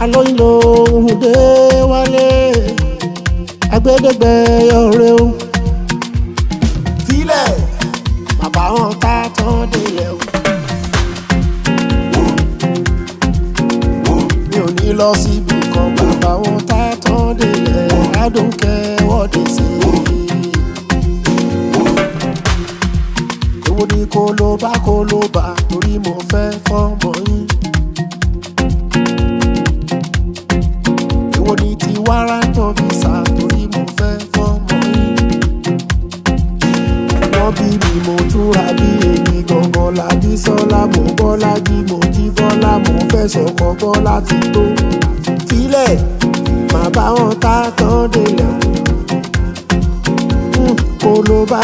alóyin ló ń dé wálé agbẹ́dẹ́gbẹ́ ọ̀rẹ́ o. tilẹ̀ bàbá wọn ká tán délẹ̀ o. mi ò ní lọ síbi kan bàbá wọn ká tán délẹ̀ adùnkẹ́. èwo ni kó ló bá kó ló bá torí mo fẹ́ fọ́mọ yín. èwo ni ti wára tó fi sá torí mo fẹ́ fọ́mọ yín. wọ́n bí mi mo túra bí èmi gangan lábí sọ́lá mo bọ́lá bí mo jí bọ́lá mo fẹ́ sọ̀kọ́ bọ́lá ti tó. sílẹ̀ màá bá wọn ta tán délẹ̀ hmm, kó ló bá.